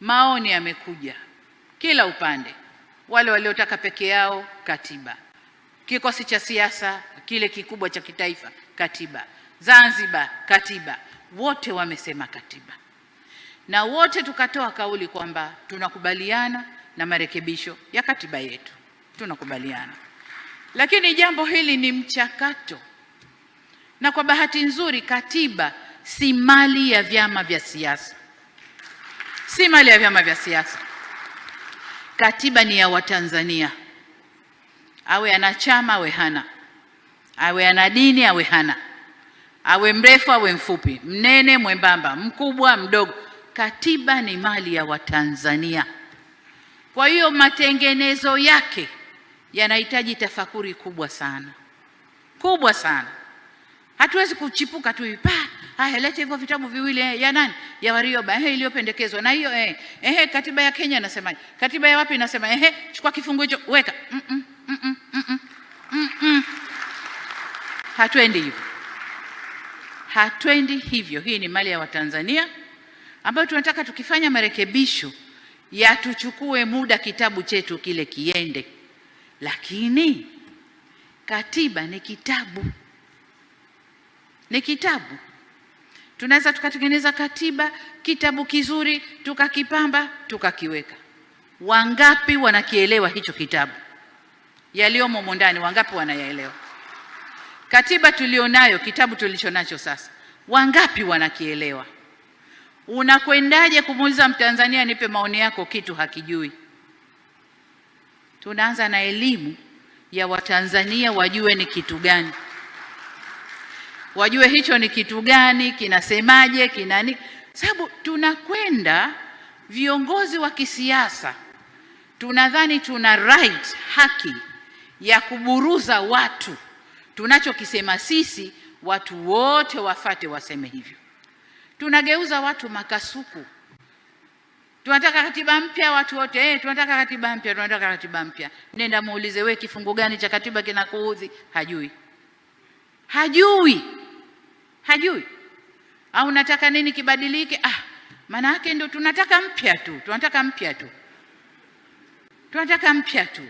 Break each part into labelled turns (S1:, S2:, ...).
S1: Maoni yamekuja kila upande, wale waliotaka peke yao katiba, kikosi cha siasa kile kikubwa cha kitaifa katiba, Zanzibar katiba, wote wamesema katiba, na wote tukatoa kauli kwamba tunakubaliana na marekebisho ya katiba yetu, tunakubaliana. Lakini jambo hili ni mchakato, na kwa bahati nzuri katiba si mali ya vyama vya siasa si mali ya vyama vya siasa. Katiba ni ya Watanzania, awe ana chama awe hana, awe ana dini awe hana, awe mrefu awe mfupi, mnene mwembamba, mkubwa mdogo, katiba ni mali ya Watanzania. Kwa hiyo matengenezo yake yanahitaji tafakuri kubwa sana kubwa sana. Hatuwezi kuchipuka tu ipaa haya, lete hivyo vitabu viwili eh, ya nani ya Warioba eh, iliyopendekezwa na hiyo eh, eh, katiba ya Kenya inasemaje? Katiba ya wapi inasema eh, chukua kifungu hicho weka. Mm, mm -mm, mm -mm, mm -mm, mm hatuendi hivyo, hatuendi hivyo. Hii ni mali ya Watanzania ambayo tunataka tukifanya marekebisho yatuchukue muda kitabu chetu kile kiende, lakini katiba ni kitabu, ni kitabu. Tunaweza tukatengeneza katiba, kitabu kizuri tukakipamba, tukakiweka. Wangapi wanakielewa hicho kitabu? Yaliyomo ndani wangapi wanayaelewa? Katiba tulionayo, kitabu tulichonacho sasa, wangapi wanakielewa? Unakwendaje kumuuliza Mtanzania, nipe maoni yako, kitu hakijui? Tunaanza na elimu ya Watanzania wajue ni kitu gani wajue hicho ni kitu gani, kinasemaje, kina nini, sababu tunakwenda viongozi wa kisiasa tunadhani tuna right, haki ya kuburuza watu. Tunachokisema sisi watu wote wafate, waseme hivyo. Tunageuza watu makasuku. Tunataka katiba mpya watu wote eh, tunataka katiba mpya, tunataka katiba mpya. Nenda muulize, we kifungu gani cha katiba kinakuudhi? Hajui, hajui hajui au nataka nini kibadilike? Ah, maana yake ndio tunataka mpya tu, tunataka mpya tu, tunataka mpya tu.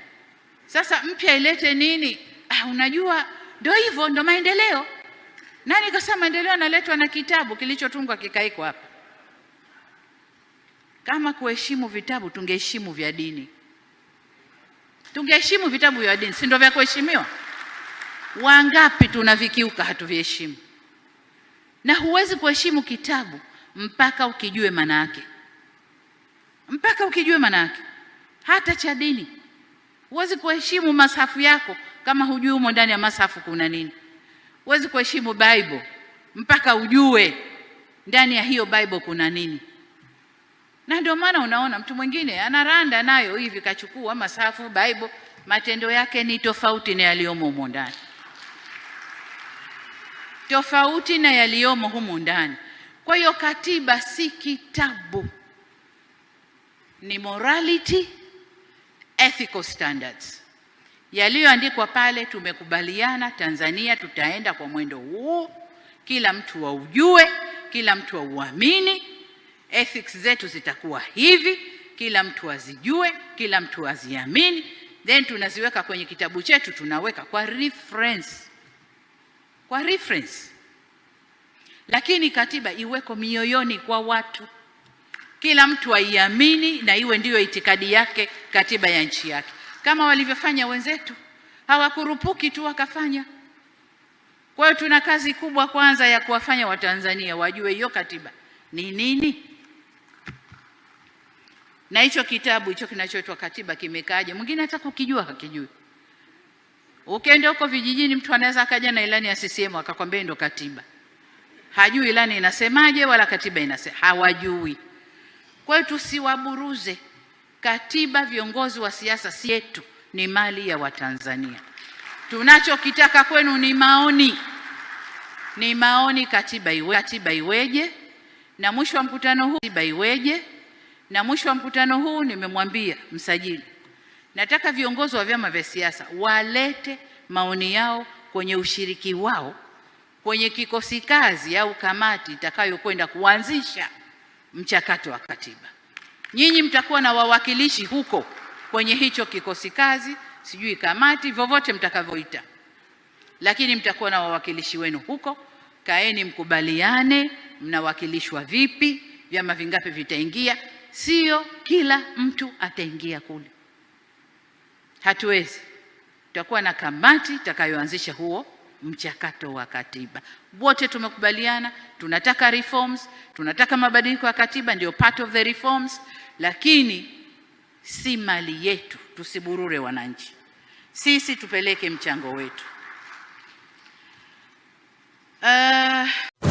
S1: Sasa mpya ilete nini? Ah, unajua ndio hivyo, ndio maendeleo. Nani kasema maendeleo analetwa na kitabu kilichotungwa kikaiko hapa? Kama kuheshimu vitabu, tungeheshimu vya dini, tungeheshimu vitabu vya dini, si ndio vya kuheshimiwa? Wangapi tunavikiuka, hatuviheshimu na huwezi kuheshimu kitabu mpaka ukijue maana yake, mpaka ukijue maana yake. Hata cha dini huwezi kuheshimu masafu yako kama hujui humo ndani ya masafu kuna nini. Huwezi kuheshimu Bible mpaka ujue ndani ya hiyo Bible kuna nini. Na ndio maana unaona mtu mwingine anaranda nayo hivi, kachukua masafu Bible, matendo yake ni tofauti na yaliyomo humo ndani tofauti na yaliyomo humu ndani. Kwa hiyo katiba si kitabu, ni morality ethical standards yaliyoandikwa pale. Tumekubaliana Tanzania tutaenda kwa mwendo huu, kila mtu waujue, kila mtu auamini. Ethics zetu zitakuwa hivi, kila mtu azijue, kila mtu aziamini, then tunaziweka kwenye kitabu chetu, tunaweka kwa reference kwa reference, lakini katiba iweko mioyoni kwa watu, kila mtu aiamini na iwe ndiyo itikadi yake, katiba ya nchi yake, kama walivyofanya wenzetu. Hawakurupuki tu wakafanya. Kwa hiyo tuna kazi kubwa kwanza ya kuwafanya Watanzania wajue hiyo katiba ni nini na hicho kitabu hicho kinachoitwa katiba kimekaaje. Mwingine hata kukijua hakijui. Ukienda huko vijijini, mtu anaweza akaja na ilani ya CCM akakwambia ndio katiba, hajui ilani inasemaje wala katiba inasema, hawajui. Kwa hiyo tusiwaburuze katiba. Viongozi wa siasa si yetu, ni mali ya Watanzania. Tunachokitaka kwenu ni maoni, ni maoni. Katiba iwe katiba iweje? Na mwisho wa mkutano huu katiba iweje? Na mwisho wa mkutano huu nimemwambia msajili Nataka viongozi wa vyama vya siasa walete maoni yao kwenye ushiriki wao kwenye kikosi kazi au kamati itakayokwenda kuanzisha mchakato wa katiba. Nyinyi mtakuwa na wawakilishi huko kwenye hicho kikosi kazi, sijui kamati, vyovyote mtakavyoita, lakini mtakuwa na wawakilishi wenu huko. Kaeni mkubaliane, mnawakilishwa vipi, vyama vingapi vitaingia. Sio kila mtu ataingia kule hatuwezi. Tutakuwa na kamati itakayoanzisha huo mchakato wa katiba. Wote tumekubaliana tunataka reforms, tunataka mabadiliko ya katiba, ndio part of the reforms, lakini si mali yetu, tusiburure wananchi. Sisi tupeleke mchango wetu. Uh...